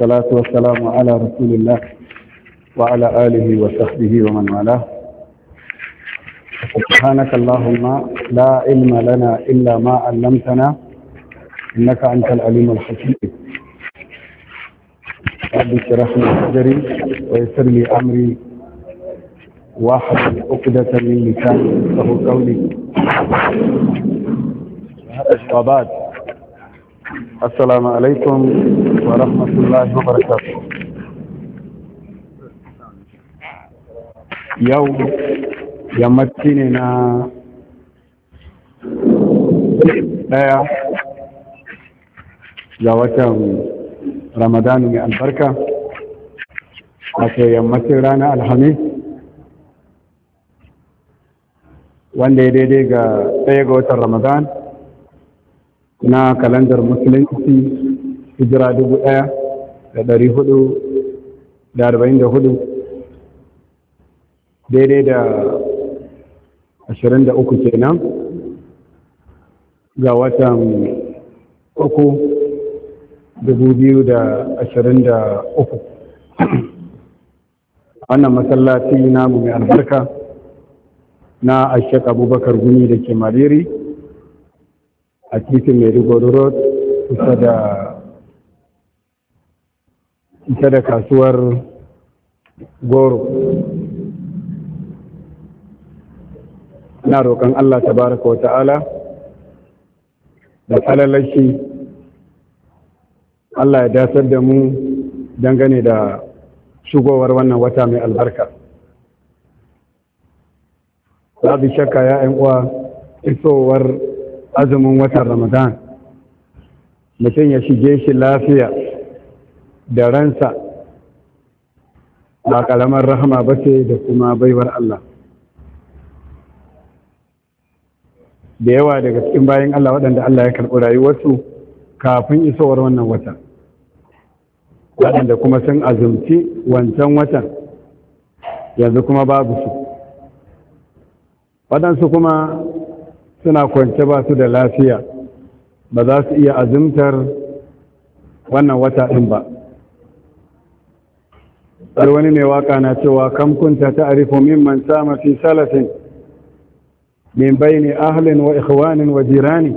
والصلاة والسلام على رسول الله وعلى آله وصحبه ومن والاه سبحانك اللهم لا علم لنا إلا ما علمتنا إنك أنت العليم الحكيم رب اشرح لي صدري ويسر لي أمري واحلل عقدة من لساني يفقهوا قولي وبعد السلام عليكم ورحمة الله وبركاته يوم ɗaya ga watan ramadanu mai albarka wato yammacin ranar alhamis wanda ya daidai ga ɗaya ga watan ramadan na kalandar musulunci hijira dubu ɗaya da ɗari hudu da arba'in da hudu daidai da ashirin da uku kenan ga watan uku dubu biyu da ashirin da uku wannan masallaci namu mai albarka na ashek abubakar guni da ke maliri a titin mai road kusa da ita da kasuwar goro na roƙon Allah tabaraka wa ta'ala da falalashi Allah ya dasar da mu dangane da shigowar wannan wata mai albarka babu shakka ya uwa isowar azumin watan ramadan mutum ya shige shi lafiya da ransa ba kalamar rahama ba ce da kuma baiwar Allah da yawa daga cikin bayan Allah waɗanda Allah ya karɓi rayuwarsu kafin isowar wannan wata waɗanda kuma sun azumci wancan watan yanzu kuma babu su waɗansu kuma suna kwance ba su da lafiya ba za su iya azumtar wannan wata ɗin ba wani mai waka na cewa kam kunta min man sama fi salatin min baini ahlin wa ikhwanin wa jirani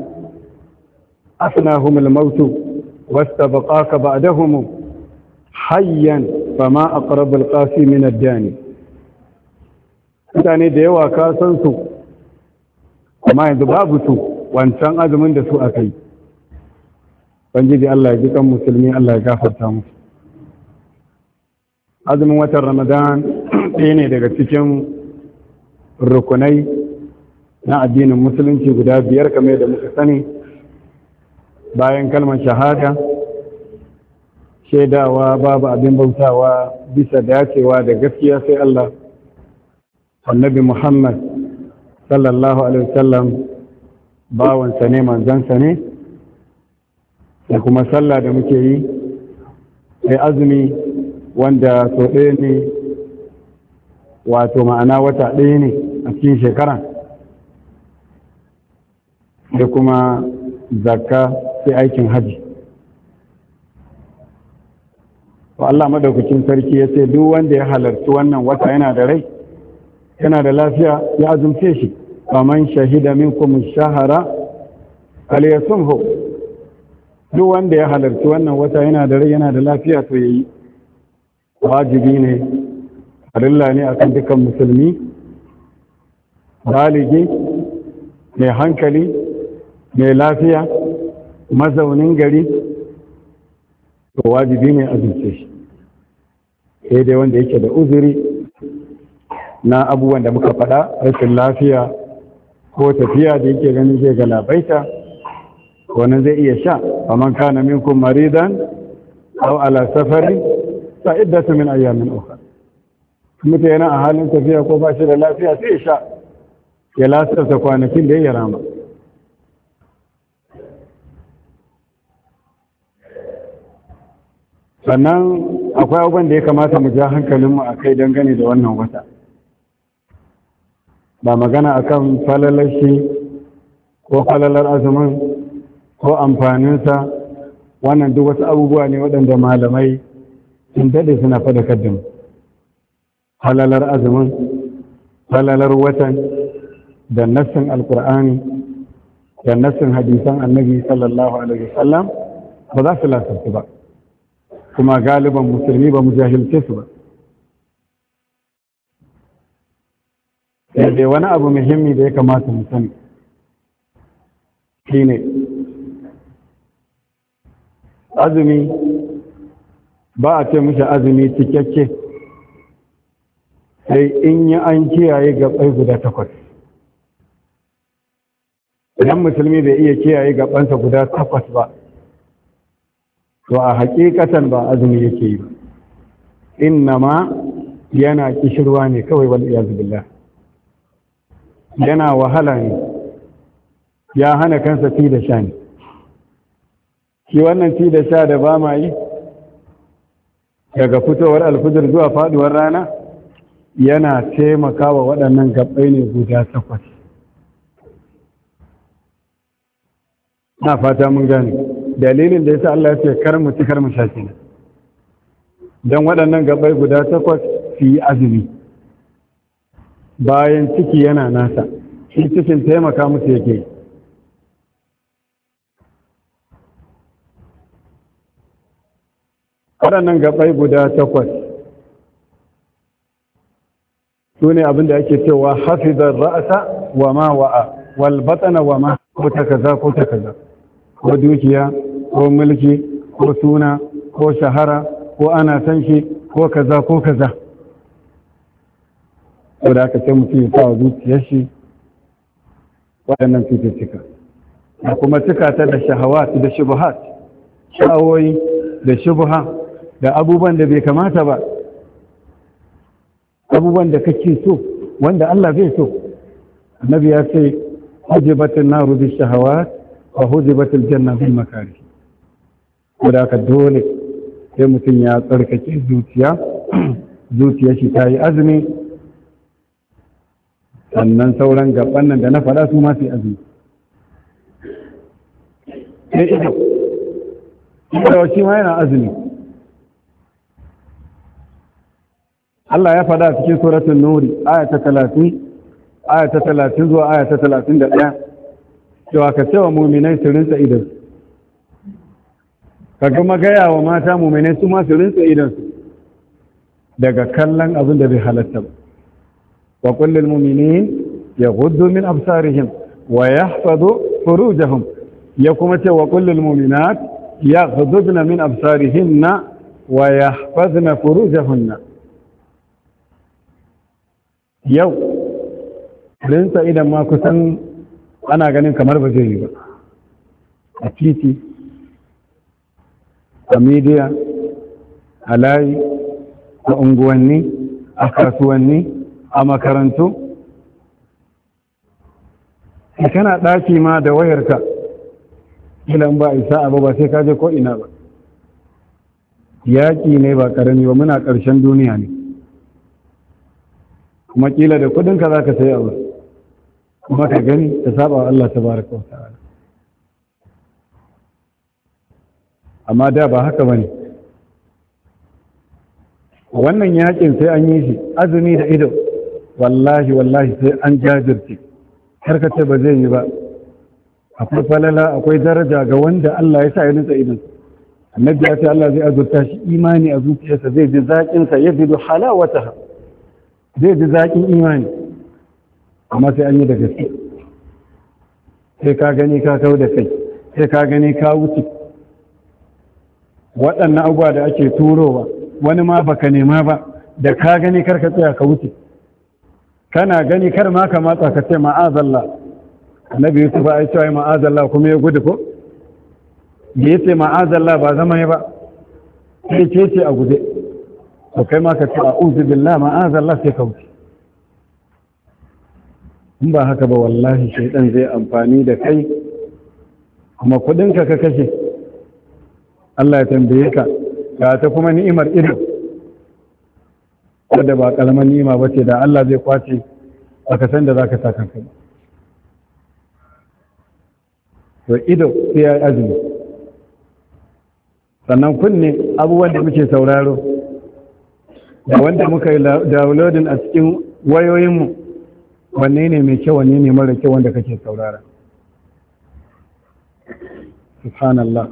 asnahum al-maut wastabaqaka ba'dahum hayyan fama aqrabu al-qasi min ad-dani mutane da yawa ka san su amma yanzu babu su wancan azumin da su akai banjiji Allah ya ji kan musulmi Allah ya gafarta musu azumin watan ramadan ɗaya ne daga cikin rukunai na addinin musulunci guda biyar kamar da muka sani bayan kalmar shahada shaidawa babu abin bautawa bisa dacewa da gaskiya sai Allah annabi Muhammad sallallahu alaihi wasallam bawansa ne manzansa ne da kuma sallah da muke yi sai azumi wanda so ɗaya ne wato ma'ana wata ɗaya ne a cikin shekara da kuma zakka sai aikin hajji Wa Allah madaukakin sarki ya ce duk wanda ya halarci wannan wata yana da rai yana da lafiya ya azumce shi faman shahida minkum shahara alyasumhu duk wanda ya halarci wannan wata yana da rai yana da lafiya to yayi wajibi ne farilla ne kan dukkan musulmi baligi mai hankali mai lafiya mazaunin gari to wajibi ne azumce shi sai dai wanda yake da uzuri na abubuwan da muka faɗa rashin lafiya ko tafiya da yake ganin zai galabaita wani zai iya sha amma kana minkum maridan aw ala safari. fa'iddatu min ayyamin ukhra Mutu yana a halin tafiya ko ba shi da lafiya sai ya sha ya lasarta kwanakin da ya rama sannan akwai abubuwan da ya kamata mu ja hankalinmu a kai dangane da wannan wata ba magana akan falalar shi ko falalar azumin ko amfaninsa wannan duk wasu abubuwa ne waɗanda malamai In daɗe suna faɗa kaddin halalar azumin halalar watan da nassin alkur'ani da nassin hadisan annabi sallallahu alaihi wasallam ba za su lasarci ba kuma galiban musulmi ba mu jahilce su ba yadda wani abu muhimmi da ya kamata mu sani shine azumi ba a ce mishi azumi cikakke sai in yi an kiyaye gaɓai guda takwas idan musulmi bai iya kiyaye gaɓansa guda takwas ba to a hakikatan ba azumi yake yi inna ma yana kishirwa ne kawai wani iya yana wahala ne ya hana kansa fi da sha ne shi wannan fi da sha da ba ma yi daga fitowar alfijir zuwa faduwar rana yana taimakawa waɗannan gabbai ne guda takwas na fata mun gane dalilin da ya sa Allah ya ce kar mu ci kar mu sha kenan dan waɗannan gabbai guda takwas su yi azumi bayan ciki yana nasa shi cikin taimaka musu yake yi waɗannan gabai guda takwas su ne abinda ake cewa hafizar ra'asa wa ma wa'a wal wa ma ko ta kaza ko ta kaza ko dukiya ko mulki ko suna ko shahara ko ana san shi ko kaza ko kaza ko da aka ce mutum ya sa wa zuciyar shi waɗannan cika da kuma cika ta da shahawa da shubuhat sha'awoyi da shubuha da abubuwan da bai kamata ba abubuwan da kake so wanda Allah zai so annabi ya ce hujibatin naru bi shahawat wa hujibatil janna bil makari wanda ka dole sai mutum ya tsarkake zuciya zuciya shi ta yi azumi sannan sauran gaban nan da na faɗa su ma su yi azumi sai ido shi ma yana azumi Allah ya fada cikin suratul nuri aya ta 30 aya ta 30 zuwa aya ta 31 cewa ka cewa mu'minai su rinsa idan ka kuma gaya wa mata mu'minai su ma su rinsa idan daga kallon abin da bai halatta ba wa qul lil mu'minin yaghuddu min absarihim wa yahfazu furujahum ya kuma ce wa qul lil mu'minat yaghuddna min absarihinna wa yahfazna furujahunna yau rinsa idan ma kusan ana ganin kamar ba zai yi ba a titi a midiya, a layi a unguwanni a kasuwanni a makarantu kana ɗaki ma da wayarka ilan ba isa abu ba sai kaje ko ina ba yaƙi ne ba ƙarami ba muna ƙarshen duniya ne kuma kila da kudinka za ka sai abu kuma ka gani ta saba wa Allah tabaraka wa ta'ala amma da ba haka bane wannan yakin sai an yi shi azumi da ido wallahi wallahi sai an jajirce ka ce ba zai yi ba akwai falala akwai daraja ga wanda Allah ya sa ya nutsa idan annabi ya ce Allah zai azurta shi imani a zuciyarsa zai ji zaƙinsa ya ji halawata zai ji zaƙin imani amma sai an yi da gaske sai ka gani ka kawo da kai sai ka gani ka wuce waɗannan abuwa da ake turowa wani ma baka nema ba da ka gani kar ka tsaya ka wuce kana gani kar ma ka matsa ka ce ma'azalla annabi yusuf ai cewa ma'azalla kuma ya gudu ko da ce ma'azalla ba zama ne ba sai ce ce a guje to kai ma ka ce a'udhu billahi ma'aza Allah sai ka wuce in ba haka ba wallahi shaidan zai amfani da kai kuma kudin ka ka kashe Allah ya tambaye ka ga ta kuma ni'imar ido wanda ba kalmar ni'ima bace da Allah zai kwace baka san da zaka saka kai to ido sai ya azumi sannan kunne abubuwan da muke sauraro da wanda muka yi downloading a cikin wayoyinmu wanne ne mai kyau wanne ne mara kyau wanda kake saurara subhanallah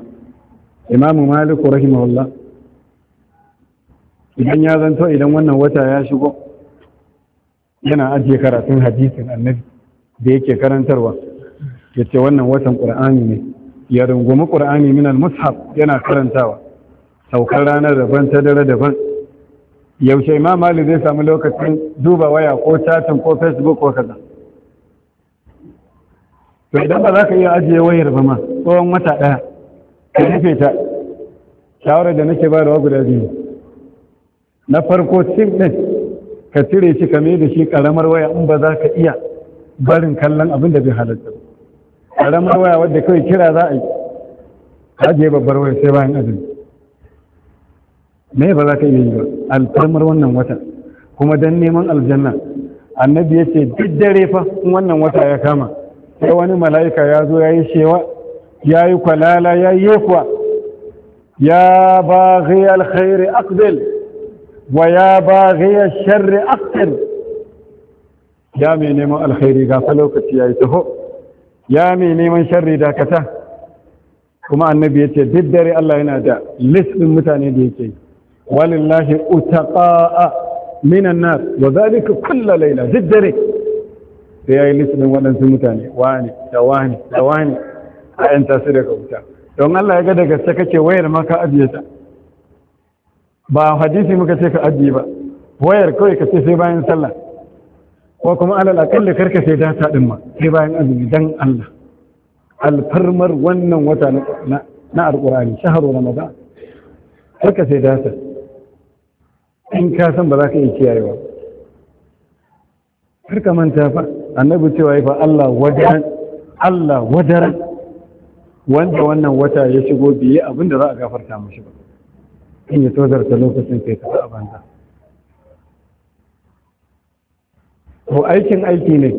imamu maliku rahimahullah idan ya zanto idan wannan wata ya shigo yana ajiye karatun hadisin annabi da yake karantarwa ya ce wannan watan ƙur'ani ne ya rungumi ƙur'ani min al-mushaf yana karantawa saukar ranar daban ta dare daban yaushe ma mali zai samu lokacin duba waya ko chatin ko facebook ko kaza to idan ba za ka iya ajiye wayar ba ma tsawon wata ɗaya ka rufe ta shawarar da nake ba da guda biyu na farko sim ɗin ka cire shi ka mai da shi ƙaramar waya in ba za ka iya barin kallon abin da bai halatta ƙaramar waya wadda kawai kira za a yi ajiye babbar waya sai bayan azumi me ba za ka iya yi ba alfarmar wannan watan kuma dan neman aljanna annabi ya ce duk dare fa wannan wata ya kama sai wani mala'ika ya zo ya yi shewa ya yi kwalala ya yi kuwa ya ba ghiyar alkhairi akbil wa ya ba ghiyar sharri akbil ya mai neman alkhairi ga fa lokaci ya yi taho ya mai neman sharri dakata kuma annabi ya ce duk dare Allah yana da list mutane da yake yi walillahi utaqa'a minan nas wa zalika kullu layla diddare sai yayi listin waɗansu mutane wani da wani da wani a yan tasu daga wuta don Allah ya ga daga gaske kake wayar maka ajiye ta ba hadisi muka ce ka ajiye ba wayar kawai ka sai bayan sallah ko kuma alal akalli karka sai data din ma sai bayan azumi dan Allah alfarmar wannan wata na alqur'ani shahru ramadan karka sai data in ka san ba za ka iya kiyaye ba har ka manta fa annabi cewa ya fa Allah wadaran Allah wadaran wanda wannan wata ya shigo biye abin da za a gafarta mashi ba in ya ta lokacin kai ka a banza to aikin aiki ne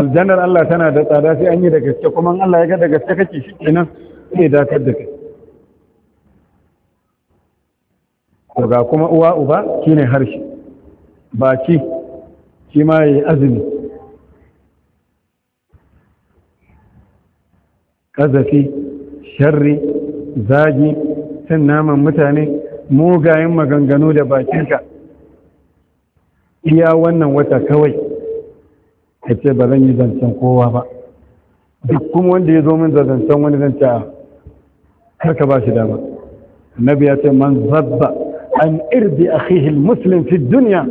aljannar Allah tana da tsada sai an yi da gaske kuma Allah ya ga da gaske kake shi kenan sai dakar da kai Daga kuma uwa uba shine harshe baki shi ma yi azumi Ƙazafi, sharri zagi cin naman mutane mugayen maganganu da bakinka iya wannan wata kawai ka ce ba zan yi zancen kowa ba duk kuma wanda ya zo min da zancen wani zancen a ah, karka ba shi dama annabi ya ce man zabba عن إرض أخيه المسلم في الدنيا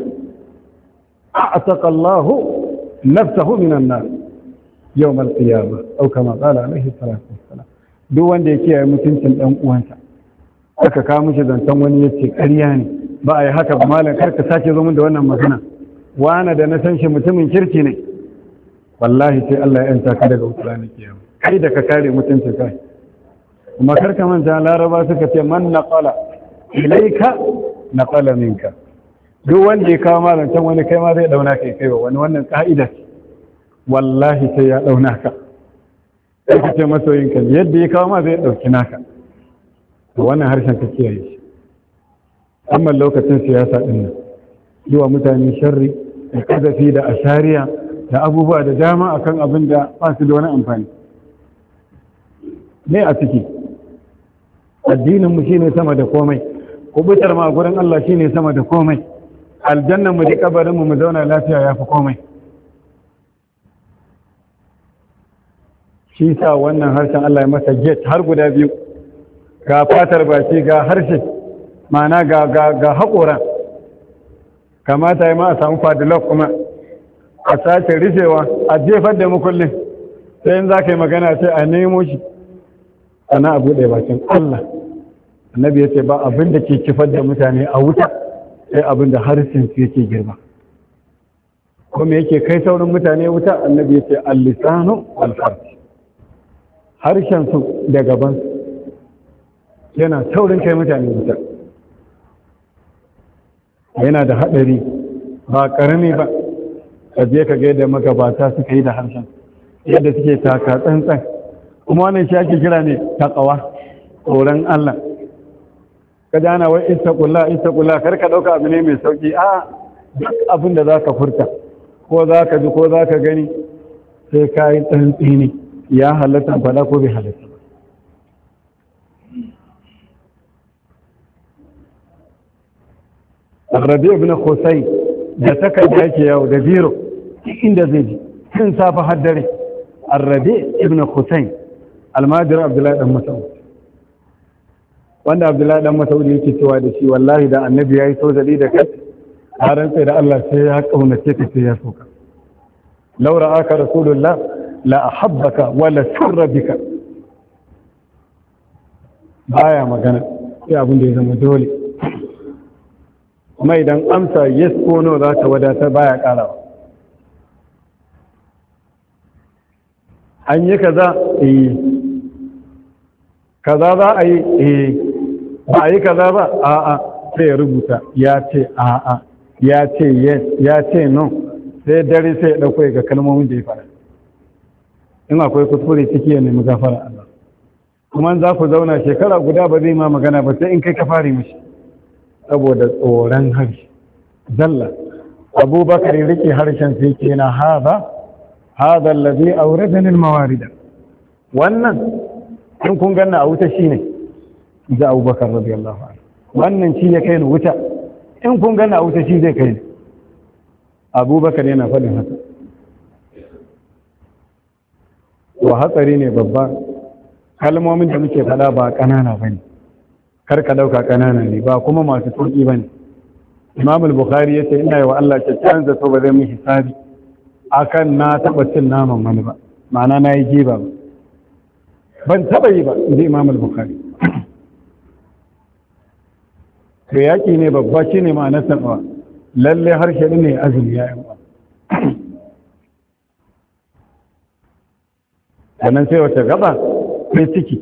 أعتق الله نفسه من النار يوم القيامة أو كما قال عليه الصلاة والسلام wanda ya kiyaye mutuncin ɗan uwansa aka kawo mishi zancen wani ya ce ƙarya ne ba yi haka ba malam karka sake zo da wannan magana wana da na san shi mutumin kirki ne wallahi sai Allah ya yanta ka daga wutar na kiyama kai da ka kare mutuncin kai kuma karka laraba suka ilaika na falaminka duk wanda ya kawo malantan wani kai ma zai dauna kai kai wani wannan ka'idar wallahi sai ya dauna ka sai ka ce masoyinka yadda ya kawo ma zai dauki naka to wannan harshen ka kiyaye shi amma lokacin siyasa din nan zuwa mutane sharri da kazafi da ashariya da abubuwa da dama akan abin da ba su da wani amfani ne a ciki addinin mu shine sama da komai kubutar ma gurin Allah shi ne sama da komai aljanna mu da kabarinmu mu zauna lafiya ya fi komai shi sa wannan harshen Allah ya masa get har guda biyu ga fatar baki ga harshe ma'ana ga ga ga kamata ya ma a samu fadilok kuma a sace rufewa a jefar da mukullin sai in za ka yi magana sai a nemo shi ana a buɗe bakin Allah annabi ya ce ba abin da ke kifar da mutane a wuta sai abin da harshen su yake girma kuma yake kai saurin mutane wuta annabi ya ce al-lisanu harshen su da gaban yana saurin kai mutane wuta yana da haɗari ba ƙarami ba ka je ka ga yadda magabata suka yi da harshen yadda suke taka tsantsan kuma wannan shi ake kira ne takawa tsoron Allah ka dana wai istaqulla istaqulla kar ka dauka abu ne mai sauki a duk abin da zaka furta ko zaka ji ko zaka gani sai ka yi tsantsi ne ya halatta fada ko bai halatta Rabi ibn Hussein da takarda yake yau da biro inda zai ji tun safa haddare. dare Rabi ibn Hussein almajir Abdullahi dan Mas'ud wanda abdullahi dan masaudi yake cewa da shi wallahi da annabi yayi tozali da kai a rantsa da Allah sai ya kaunace ka sai ya ka laura aka rasulullah la ahabbaka wa la sirra bika baya magana sai abin da ya zama dole Mai dan amsa yes ko no za ta wadatar baya karawa an yi kaza eh kaza za a yi eh ba a yi kaza ba a'a sai ya rubuta ya ce a'a ya ce yes ya ce no sai dare sai ya ɗauko ga kalmomin da ya fara in akwai kuskure ciki ya nemi gafara Allah kuma za ku zauna shekara guda ba zai ma magana ba sai in kai ka fari mishi saboda tsoron harshe zalla abubakar rike harshen sai ke na haza haza lazi aure da mawarida wannan in kun ganna a wuta shine da abubakar radiyallahu anhu wannan shi ya kai wuta in kun gana wuta shi zai kai abubakar yana faɗin haka wa hatsari ne babba kalmomin da muke faɗa ba ƙanana ba ne kar ka ɗauka ƙanana ne ba kuma masu turki ba ne imam bukhari ya ce ina yi wa allah kyakkyawan zato ba zai mun hisabi akan na taɓa cin naman wani ba ma'ana na yi jiba ba ban taɓa yi ba in imamul bukhari to yaƙi ne babba shi ne ma'ana tsanuwa lalle harshe ne azumi ya yi sannan sai wata gaba sai ciki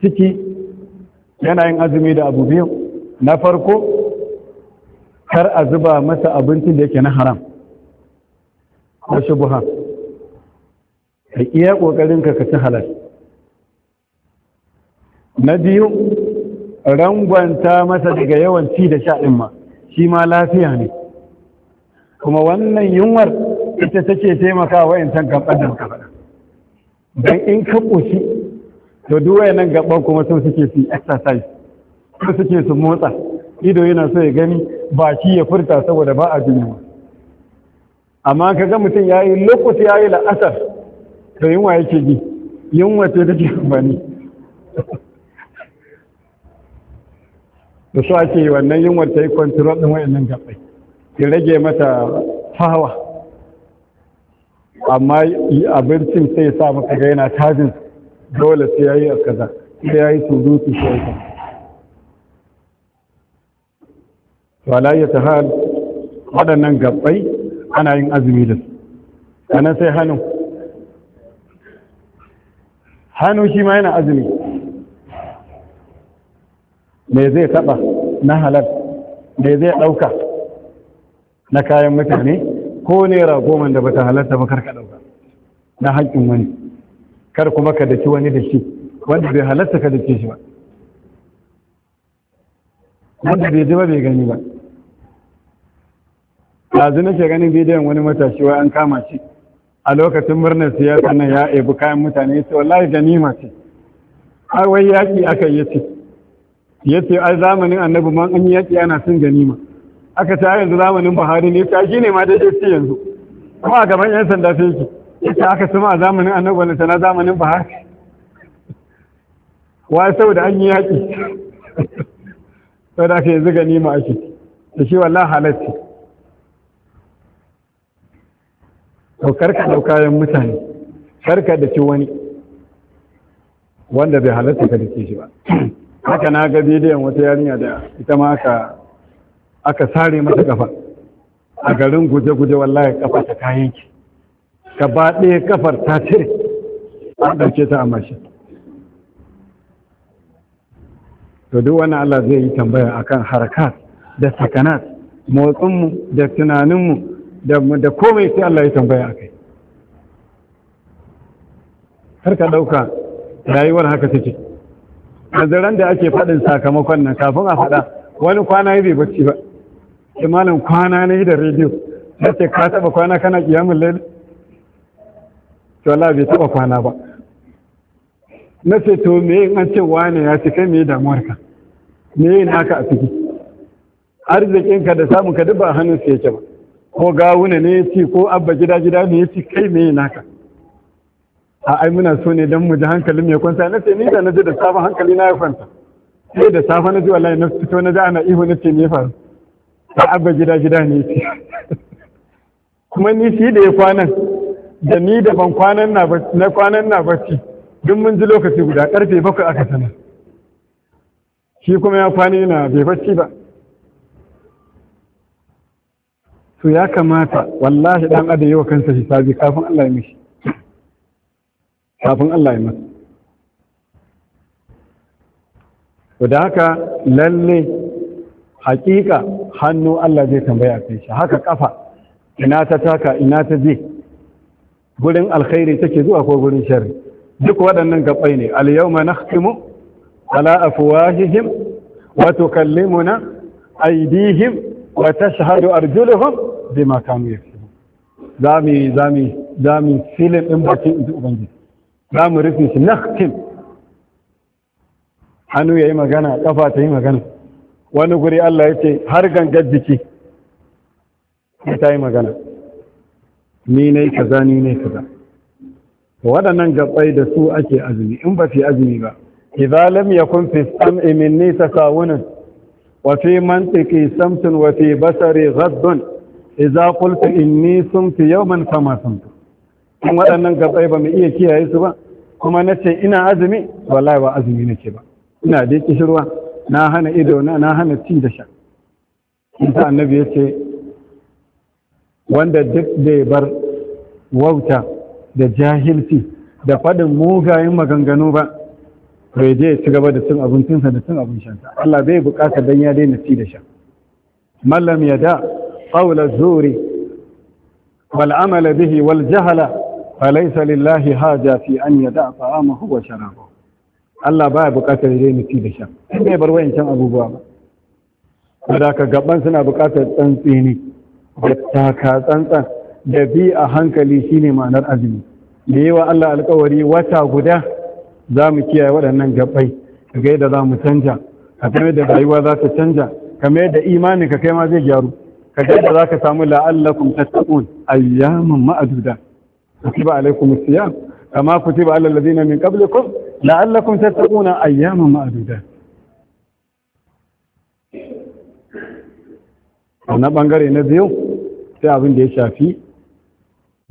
ciki yana yin azumi da abu biyu na farko kar a zuba masa abincin da yake na haram ko shubuha ka iya ƙoƙarinka ka ci halal na biyu rangwanta masa daga yawan ci da sha'in ma shi ma lafiya ne kuma wannan yunwar ita take taimaka wa yin gaban da muka faɗa don in ka ƙoshi to duk nan gaban kuma so suke su exercise so suke su motsa ido yana so ya gani baki ya furta saboda ba a jin amma ka ga mutum ya yi lokaci ya yi la'asar to yunwa yake ji yunwa ce take amfani da su ake wannan yunwar ta yi kwantirol ɗin nan gaɓai ya rage mata hawa amma abincin sai sa maka ga yana tajin dole sai ya yi a kaza sai ya yi surutu sai ya wala ya ta hal waɗannan gaɓai ana yin azumi da su sannan sai hannu hannu shi ma yana azumi me zai taɓa na halal me zai ɗauka na kayan mutane ko ne ragoman da bata halarta ba karka ɗauka na hakkin wani kar kuma ka daki wani da shi wanda bai halarta ka dake shi ba wanda bai ji ba bai gani ba yanzu nake ganin bidiyon wani matashi wai an kama shi a lokacin murnar siyasa nan ya ebi kayan mutane ya ce wallahi ganima ce ai wai yaƙi aka yi ce ya ce ai zamanin annabi man an yi yaƙi ana sun ganima aka ta yanzu zamanin buhari ne ta shi ne ma da ce yanzu kuma a gaban yan sanda sai ki ita aka suma a zamanin annabi wani sana zamanin buhari wa saboda an yi yaƙi saboda aka yanzu ganima ake da shi wallahi halatti daukar ka daukayen mutane karka da ci wani wanda bai halatta ka da ke shi ba haka na ga bidiyon wata yarinya da ita ma aka aka sare mata kafa a garin guje-guje wallahi kafa ta kayan ki ba ɗaya kafar ta cire an ɗauke ta a mashi to duk wani Allah zai yi tambaya akan harkar, da sakanat motsinmu da tunaninmu da komai sai Allah ya tambaya akai har ka ɗauka rayuwar haka take nazaran da ake faɗin sakamakon nan kafin a faɗa wani kwana yi bai bacci ba imanin kwana na yi da rediyo na ce ka taɓa kwana kana ƙiyamun lele to Allah bai taɓa kwana ba na ce to me yin an ce wane ya ce kai me damuwar ka? me yin haka a ciki ka da samun ka duk ba hannun su yake ba ko gawuna ne ya ce ko abba gida gida ne ya ce kai me yin haka a ai muna so ne don mu ji hankalin mai kwanta na ce ni da na ji da safe hankali na ya kwanta sai da safe na ji wallahi na fito na ji ana ihu na ce me faru ta abba gida gida ne ce kuma ni shi da ya kwanan da ni da ban kwanan na na kwanan na bacci duk mun ji lokaci guda karfe bakwai aka sanar shi kuma ya kwana yana bai bacci ba to ya kamata wallahi dan adayi wa kansa hisabi kafin Allah ya mishi kafin Allah ya masa ku da haka lalle hakika hannu Allah zai tambaya kai shi haka kafa ina ta taka ina ta je gurin alkhairi take zuwa ko gurin shari duk waɗannan gabai ne al-yawma nakhtimu ala afwahihim wa tukallimuna aydihim wa tashhadu arjuluhum bima kanu yaksubun zami zami zami filin din bakin ubangiji za mu rufe shi naktim hannu ya yi magana kafa ta yi magana wani guri Allah ya ce har gangar jiki ya ta yi magana ni ne kaza ni ne kaza waɗannan gabai da su ake azumi in ba fi azumi ba idza lam yakun fi sam'i minni tasawunun wa fi mantiqi samtun wa fi basari ghaddun idza qultu inni sumtu yawman fama sumtu waɗannan gabai ba mu iya kiyaye su ba kuma na ce ina azumi wallahi ba azumi nake ba ina dai kishirwa na hana ido na na hana ci da sha isa annabi ya ce wanda duk bai bar wauta da jahilci da faɗin mugayen maganganu ba bai je ya ci gaba da cin abincinsa da cin abin Allah bai bukata dan ya daina ci da sha mallam ya da qawla zuri wal amala bihi wal jahala فليس لله an ya da'a يدع طعامه وشرابه Allah baya bukatar ya daina da sha in bai bar wayancan abubuwa ba saboda ka gaban suna bukatar tsantsini da taka tsantsan da bi a hankali shine ma'anar azumi da yawa Allah alkawari wata guda za mu kiyaye waɗannan gabai kaga yadda za mu canja ka kamar da rayuwa za ta canja kamar yadda imanin ka kai ma zai gyaru ka ga yadda za ka samu la'allakum tattaqun ayyaman ma'aduda kutiba alaikum siyam kama kutiba alal ladina min qablikum la'allakum tattaquna ayyaman ma'duda na bangare na biyu sai abin da ya shafi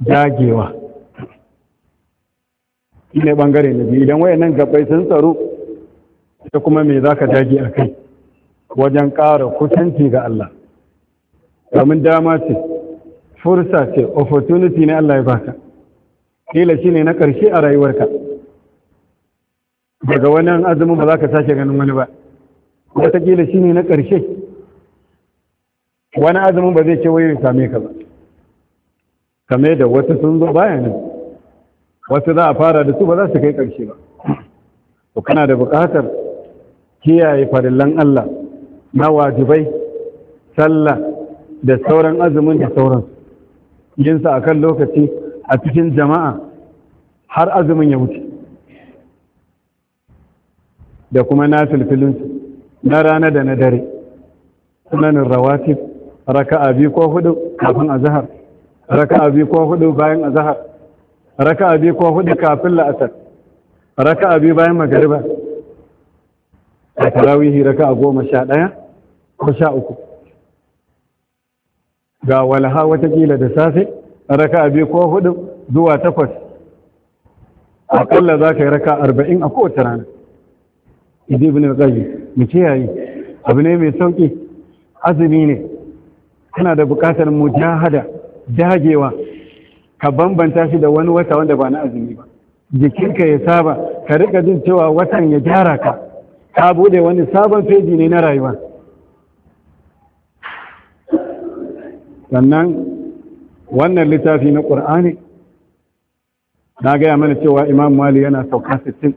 dagewa ne bangare na biyu idan wayannan gabai sun tsaro ita kuma me za ka dage a kai wajen ƙara kusanci ga Allah domin dama ce fursa ce opportunity ne Allah ya baka kila ne na ƙarshe a rayuwarka daga wannan azumin ba za ka sake ganin wani ba wataƙila ne na ƙarshe wani azumin ba zai ce wai same ka ba kame da wasu sun zo baya nan wasu za a fara da su ba za su kai ƙarshe ba to kana da buƙatar kiyaye farillan Allah na wajibai sallah da sauran azumin da sauran yinsa akan lokaci a cikin jama'a har azumin ya wuce da kuma na filfilinsu na rana da na dare sunanin raka a biyu ko hudu kafin a raka a biyu ko hudu bayan raka a biyu ko hudu kafin la'asar a biyu bayan magariba a tarawihi a goma sha ɗaya ko sha uku ga walaha watakila da safe raka biyu ko hudu zuwa takwas A kalla za ka yi raka arba'in a kowace rana idi ne da qayyim mu yayi abu ne mai sauƙi. azumi ne kana da buƙatar bukatar jahada dagewa ka bambanta shi da wani wata wanda ba na azumi ba jikinka ya saba ka rika jin cewa watan ya gyara ka ka bude wani sabon feji ne na rayuwa sannan wannan littafi na ƙur'ani na gaya mana cewa imam mali yana sauka 60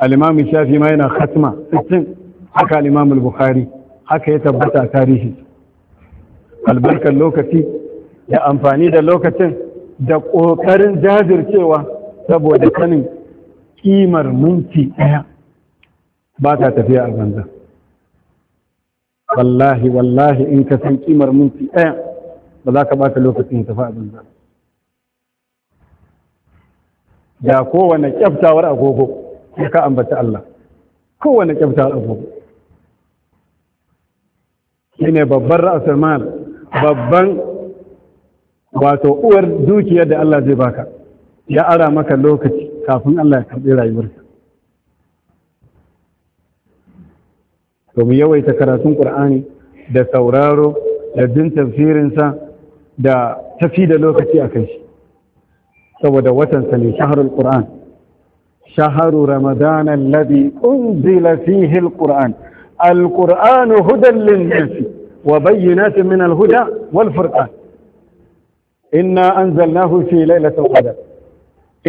al'imamin shafi ma yana khatma 60 haka al'imamin bukhari haka ya tabbata tarihi albarkar lokaci da amfani da lokacin da ƙoƙarin jajircewa saboda sanin ƙimar minti ɗaya ba ta tafiya a banza wallahi wallahi in ka san ƙimar minti ɗaya ba za ka bata lokacin tafi abin ba da kowane kyaftawar agogo ya ka ambata Allah kowane kyaftawar agogo ne babban ra'asar mal babban wato uwar dukiyar da Allah zai baka ya ara maka lokaci kafin Allah ya karɓi rayuwarsa. to mu yawaita karatun ƙur'ani da sauraro da jin tafsirinsa da tafi da lokaci a kai shi saboda watan sa ne shaharul qur'an shaharu ramadan alladhi unzila fihi alquran alquran hudan lin-nas wa bayyinatin min alhuda wal furqan inna anzalnahu fi laylatil qadr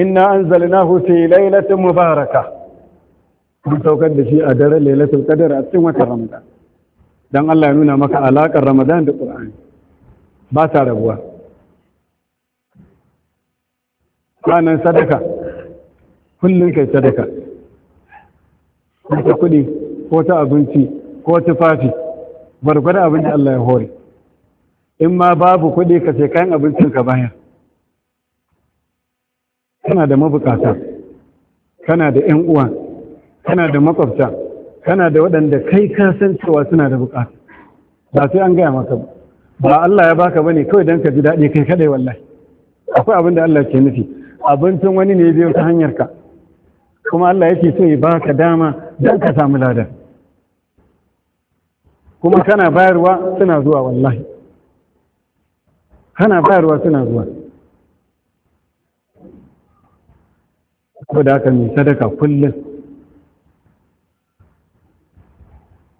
inna anzalnahu fi laylatin mubarakah mun saukar da shi a daren lailatul qadr a cikin watan ramadan dan Allah ya nuna maka alakar ramadan da qur'ani ba sa rabuwa ranar sadaka kullum kai sadaka wata kuɗi ko ta abinci ko tufafi gwargwada abin da Allah ya hori in ma babu kuɗi ka sai kayan abincin ka bayan kana da mabukata kana da 'yan uwa kana da makwabta kana da waɗanda kai ka san cewa suna da bukata ba sai an gaya maka ba ba Allah ya baka bane kawai dan ka ji daɗi kai kadai wallahi akwai abin da Allah ke nufi abincin wani ne biyo ta hanyar ka kuma Allah yake so ya baka dama dan ka samu ladan kuma kana bayarwa suna zuwa wallahi kana bayarwa suna zuwa ko da haka mai sadaka kullum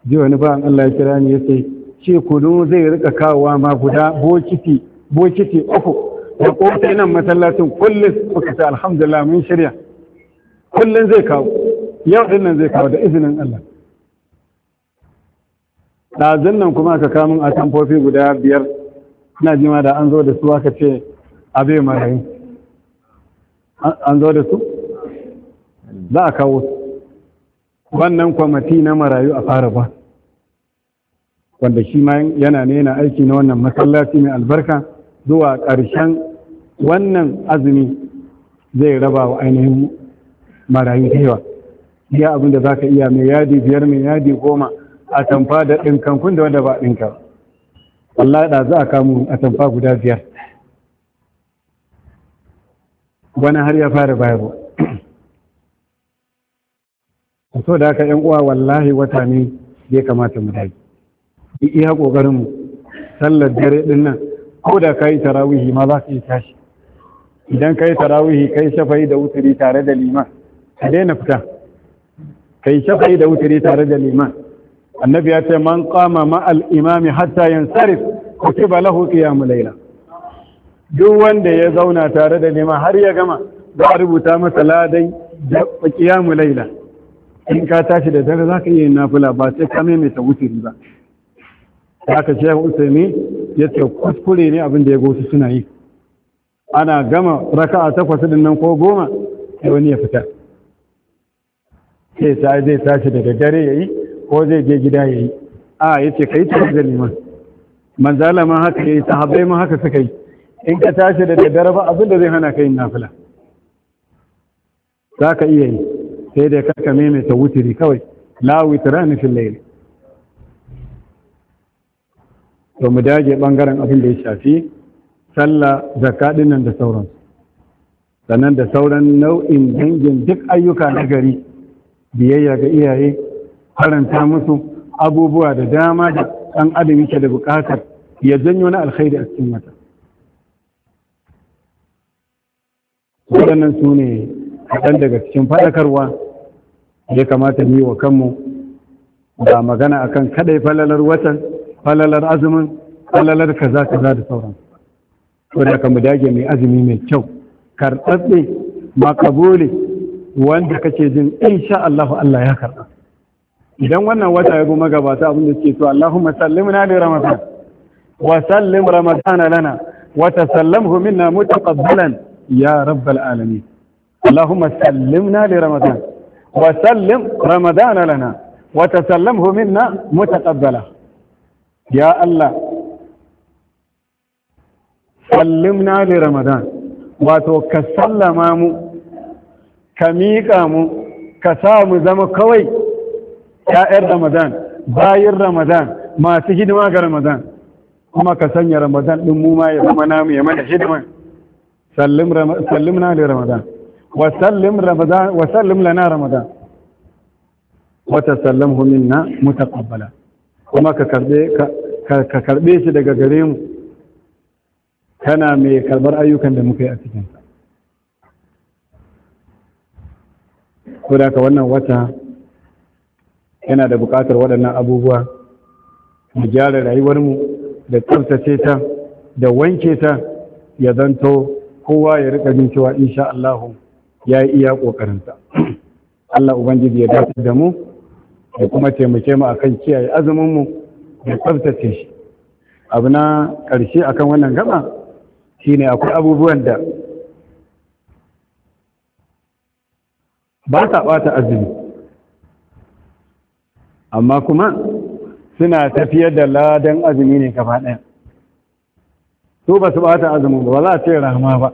ji wani ba Allah ya kira ni ya ce ce kudu zai rika kawowa ma guda bokiti bokiti uku da kofi nan masallacin kullum suka ta alhamdulillah mun shirya kullum zai kawo yau din nan zai kawo da izinin Allah ɗazin nan kuma ka kamun a tamfofi guda biyar na jima da an zo da su aka ce abe marayi an zo da su za a kawo wannan kwamati na marayu a fara ba wanda shi ma yana ne yana aiki na wannan masallaci mai albarka zuwa ƙarshen wannan azumi zai raba wa ainihin marayu da ya iya abin da za ka iya mai yadi biyar mai yadi goma a tamfa da ɗinkankun da wanda ba ɗinka wallahi da za a kamu a tamfa guda biyar wani har ya fara bayarwa so da haka yan uwa wallahi wata ne ya kamata mu dage iya ƙoƙarin mu sallar dare ɗin nan ko da ka yi tarawihi ma za ka yi tashi idan ka yi tarawihi kai shafai da wuturi tare da liman ka daina fita Ka yi shafai da wuturi tare da liman annabi ya ce man kama ma al imami hatta yansarif kutiba lahu qiyamul Laila. duk wanda ya zauna tare da liman har ya gama za a rubuta masa ladai da qiyamul laila in ka tashi da dare za ka yi nafila ba sai ka maimaita wuturi ba haka shehu usaimi ya ce kuskure ne abin da ya gosu suna yi ana gama raka'a takwas din nan ko goma sai wani ya fita sai ta zai tashi daga dare yayi ko zai je gida yayi a yace kai ta da liman manzala ma haka yayi sahabbai ma haka suka yi in ka tashi daga dare ba abin da zai hana ka yi nafila za ka iya yi sai dai mai maimaita wutiri kawai la witrani fil layl to mu dage bangaren abin da ya shafi sallah zakka dinnan da sauran sannan da sauran nau'in dangin duk ayyuka na gari biyayya ga iyaye faranta musu abubuwa da dama da ɗan adam yake da buƙatar ya janyo na alkhairi a cikin mata waɗannan su ne kaɗan daga cikin faɗakarwa ya kamata mu yi wa kanmu ba magana akan kaɗai falalar watan falalar azumin falalar kaza kaza da sauran to da kan mu dage mai azumi mai kyau karɓaɓɓe makabule wanda kake jin insha Allah Allah ya karɓa idan wannan wata ya goma gabata abin da ke to Allahumma sallimna li ramadan wa sallim ramadana lana wa tasallamhu minna mutaqabbalan ya rabbal alamin Allahumma sallimna li ramadan wa sallim ramadana lana wa tasallamhu minna mutaqabbala ya Allah sallimna li ramadan wato ka sallama mu ka miƙa mu ka sa mu zama kawai ya'yan ramadan bayan ramadan masu hidima ga ramadan kuma ka sanya ramadan ɗin mu ma ya zama namu ya mana hidima sallimna li ramadan wa sallim ramadan wa sallim lana ramadan wa tasallamhu minna mutaqabbala kuma ka karbe shi daga gare mu kana mai karbar ayyukan da muka yi a cikinsa ko da ka wannan wata yana da bukatar waɗannan abubuwa mu gyara rayuwarmu da tsaftace ta da wanke ta ya zanto kowa ya rika jin cewa insha Allah ya yi iya ƙoƙarinsa Allah Ubangiji ya dace da mu da kuma taimake mu akan kiyaye azumin mu da tsabtace shi abu na ƙarshe akan wannan gaba shine akwai abubuwan da ba sa ɓata azumi amma kuma suna tafiyar da ladan azumi ne gaba ɗaya su ba su ɓata azumin ba za a ce rama ba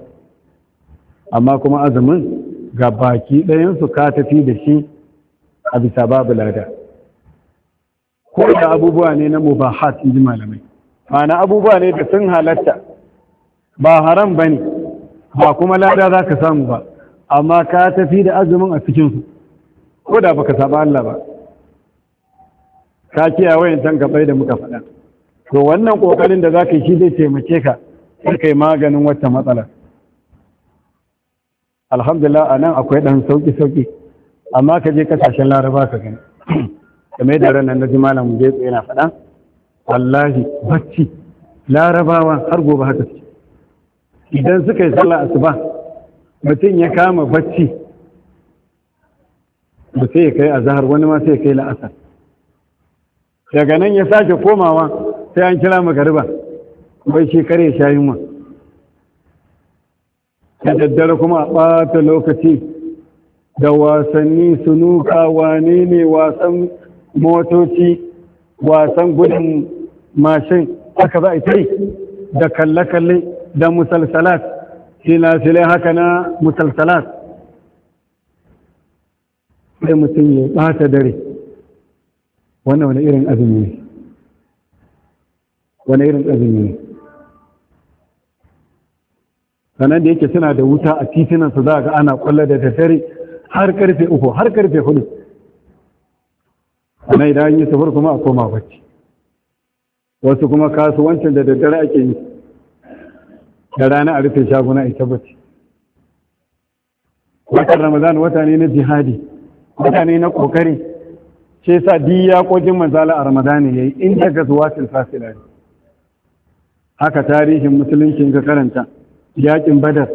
amma kuma azumin ga baki ɗayansu ka tafi da shi a bisa babu lada ko da abubuwa ne na mubahat in ji malamai ma'ana abubuwa ne da sun halatta ba haram ba ne ba kuma lada za ka samu ba amma ka tafi da azumin a cikinsu ko da baka saba Allah ba ka kiya wayan tan gabai da muka faɗa to wannan ƙoƙarin da zaka yi shi zai taimake ka sai kai maganin wata matsala alhamdulillah anan akwai dan sauki sauki amma ka je kasashen laraba ka gani game da ranar na jimala mu je yana faɗa wallahi bacci larabawa har gobe haka su idan suka yi sallah asuba mutum ya kama bacci ba sai ya kai a zahar wani ma sai ya kai la'asar daga nan ya sake komawa sai an kira magariba bai shi kare shayin wa da daddare kuma a ɓata lokaci da wasanni sunuka wane ne wasan motoci wasan gudun mashin haka za a yi da kalle-kalle da musalsalat filafilai haka na musalsalat sai mutum ya ɓata dare wannan wani irin azumi ne wani irin azumi ne sannan da yake suna da wuta a titinansu za a ga ana kwallo da daddare har karfe uku har karfe hudu na idan yi safar kuma a koma bacci wasu kuma kasuwancin da daddare ake yi da rana a rufe shaguna a ita bacci watan ramadan wata ne na jihadi wata ne na kokari ce sa diya kogin manzala a ramadani ya yi inda ga zuwatin fasilari haka tarihin musulunci ga karanta yakin badar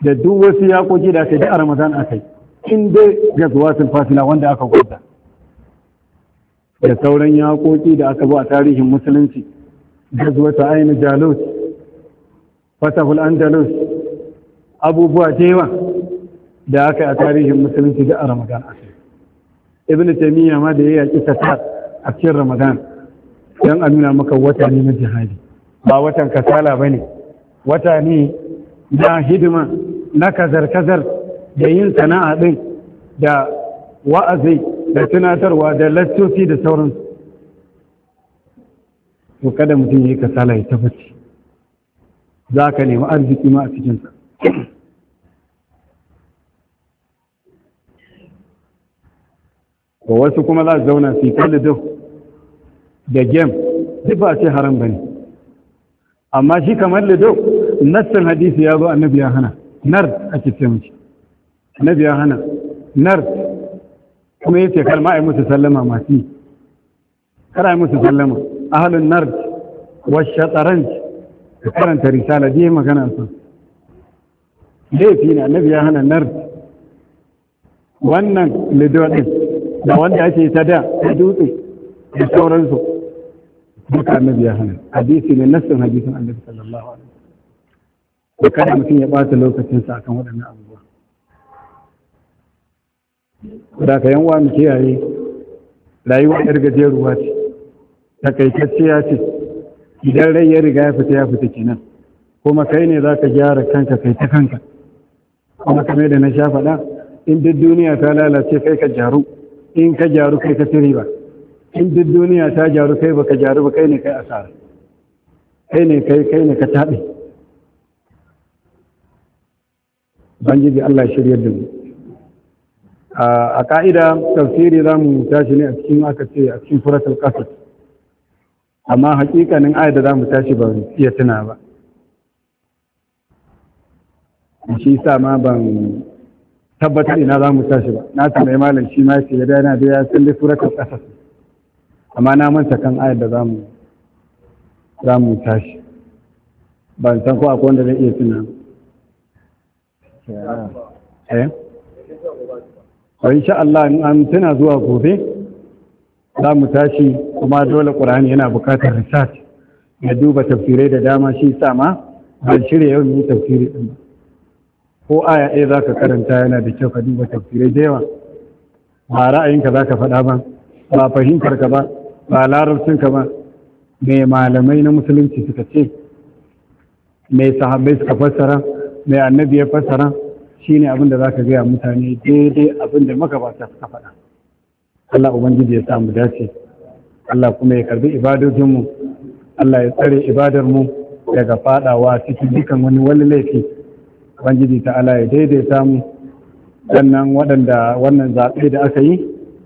da duk wasu koke da aka yi a ramadan akai, kai in dai zuwatin fasila wanda aka gwada da sauran ya koke da aka zo a tarihin musulunci zuwata ainihin jalus fatahul andalus abubuwa jewa da aka a tarihin musulunci da a ramadan a kai ibn taymiya ma da ya yaki ta a cikin ramadan dan a nuna maka wata ne na jihadi ba watan kasala ba ne wata ne na hidima na kazar-kazar da yin sana'a ɗin da wa'azi da tunatarwa da lattoci da sauran to kada mutum yi kasala ya tabbaci za ka nemi arziki ma a cikinsa wasu kuma za su zauna su yi da gem duk ba ce haram ba ne amma shi kamar lido nassan hadisi ya zo annabi ya hana nar ake ce mishi annabi ya hana nar kuma yace kar ma ai musu sallama masu kar ai musu sallama ahlun nar wa shataranj karanta risala dai magana su laifi na annabi ya hana nar wannan lidodin da wanda ake ta da dutse da sauransu duka annabi ya hana hadisi ne nassin hadisin annabi sallallahu alaihi da kada mutum ya ɓata lokacinsa akan waɗannan abubuwa da ka yanwa mu kiyaye rayuwa yar gajeruwa ce takaitacciya ce idan rai ya riga ya fita ya fita kenan kuma kai ne za ka gyara kanka kai ta kanka kuma kame da na sha faɗa in duk duniya ta lalace kai ka jaru in ka jaru kai ka tiri ba in duk duniya ta jaru kai baka jaru ba kai ne kai asara kai ne kai kai ne ka taɓe ubangiji Allah shirya da mu a ka'ida tafsiri za mu tashi ne a cikin aka ce a cikin furatul qasas amma hakikanin ayat da za mu tashi ba iya tuna ba shi sa ma ban tabbata ina za mu tashi ba na tambayi malam shi ma ce ya yana da ya san da suratul qasas amma na manta kan ayat da za mu za mu tashi ban san ko akwai wanda zai iya tuna ba eh insha Allah an tana zuwa gobe za mu tashi kuma dole ƙur'ani yana buƙatar research na duba tafsirai da dama shi sama ban shirya yau yi tafsiri ɗin ko aya ɗaya za ka karanta yana da kyau ka duba tafsirai da yawa ba ra'ayinka za ka faɗa ba ba fahimtar ka ba ba larabcinka ba me malamai na musulunci suka ce me sahabbai suka fassara mai annabi ya fassara ne abin da za ka gaya mutane daidai abin da magabata suka faɗa Allah ubangiji ya samu dace Allah kuma ya karbi ibadojinmu Allah ya tsare ibadarmu daga fadawa cikin dukan wani wani laifi ubangiji ta'ala ya daidai samu sannan waɗanda wannan zaɓe da aka yi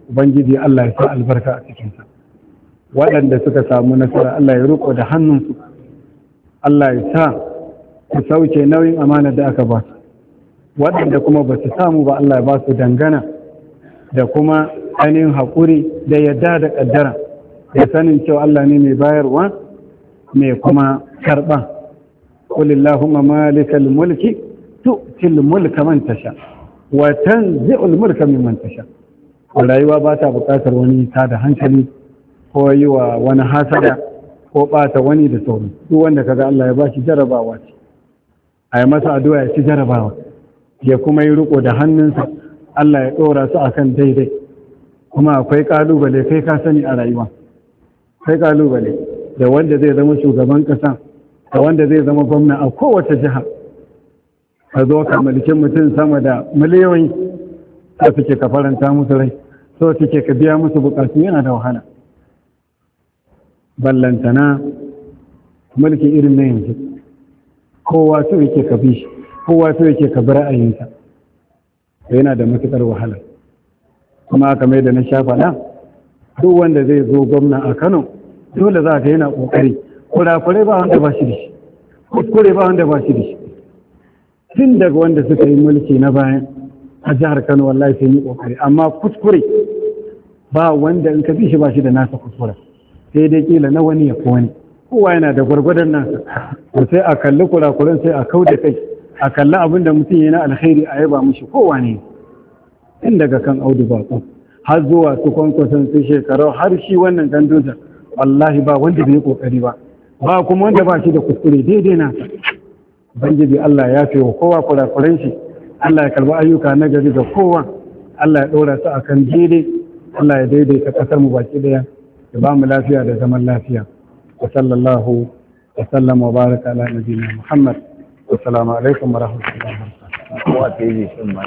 ubangiji Allah ya sa albarka a cikinsa waɗanda suka samu nasara Allah ya riko da hannunsu Allah ya sa su sauke nauyin amana da aka ba su waɗanda kuma ba su samu ba Allah ya ba su dangana da kuma ainihin haƙuri da yadda da ƙaddara Ya sanin cewa Allah ne mai bayarwa mai kuma karɓa kulillahumma malikal mulki tu til mulka man tasha wa tanzi'ul mulka mimman tasha rayuwa ba ta buƙatar wani ta da hankali ko yi wa wani hasada ko ɓata wani da sauri duk wanda ka ga Allah ya ba shi jarabawa ce a yi masa addu'a ya ci jarabawa ya kuma yi riko da hannunsa Allah ya ɗora su akan daidai kuma akwai ƙalubale kai ka sani a rayuwa kai ƙalubale da wanda zai zama shugaban ƙasa da wanda zai zama gwamna a kowace jiha a zo ka mulkin mutum sama da miliyoyi ta suke ka faranta musu rai so suke ka biya musu bukatu yana da wahala ballantana mulki irin na yanzu kowa so yake ka bi shi kowa so yake ka bi ra'ayinsa to yana da matukar wahala kuma kamar da na shafa faɗa duk wanda zai zo gwamna a Kano dole za ka yana ƙoƙari kurakurai ba wanda ba shi da shi kuskure ba wanda ba shi da shi tun daga wanda suka yi mulki na bayan a jihar Kano wallahi sun yi ƙoƙari amma kuskure ba wanda in ka bi shi ba shi da nasa kuskure sai dai kila na wani ya fi wani kowa yana da gwargwadon nan sai a kalli kurakuran sai a kau da kai a kalli abin da mutum yana alkhairi a yaba mushi kowa ne in daga kan audu baƙo har zuwa su kwankwasan su shekaru har shi wannan gandojar wallahi ba wanda bai kokari ba ba kuma wanda ba shi da kuskure daidai na ubangiji Allah ya fi wa kowa kurakuran shi Allah ya karba ayyuka na gari ga kowa Allah ya ɗora su akan daidai Allah ya daidaita ƙasar mu baki ɗaya ya ba mu lafiya da zaman lafiya وصلى الله وسلم وبارك على نبينا محمد والسلام عليكم ورحمة الله وبركاته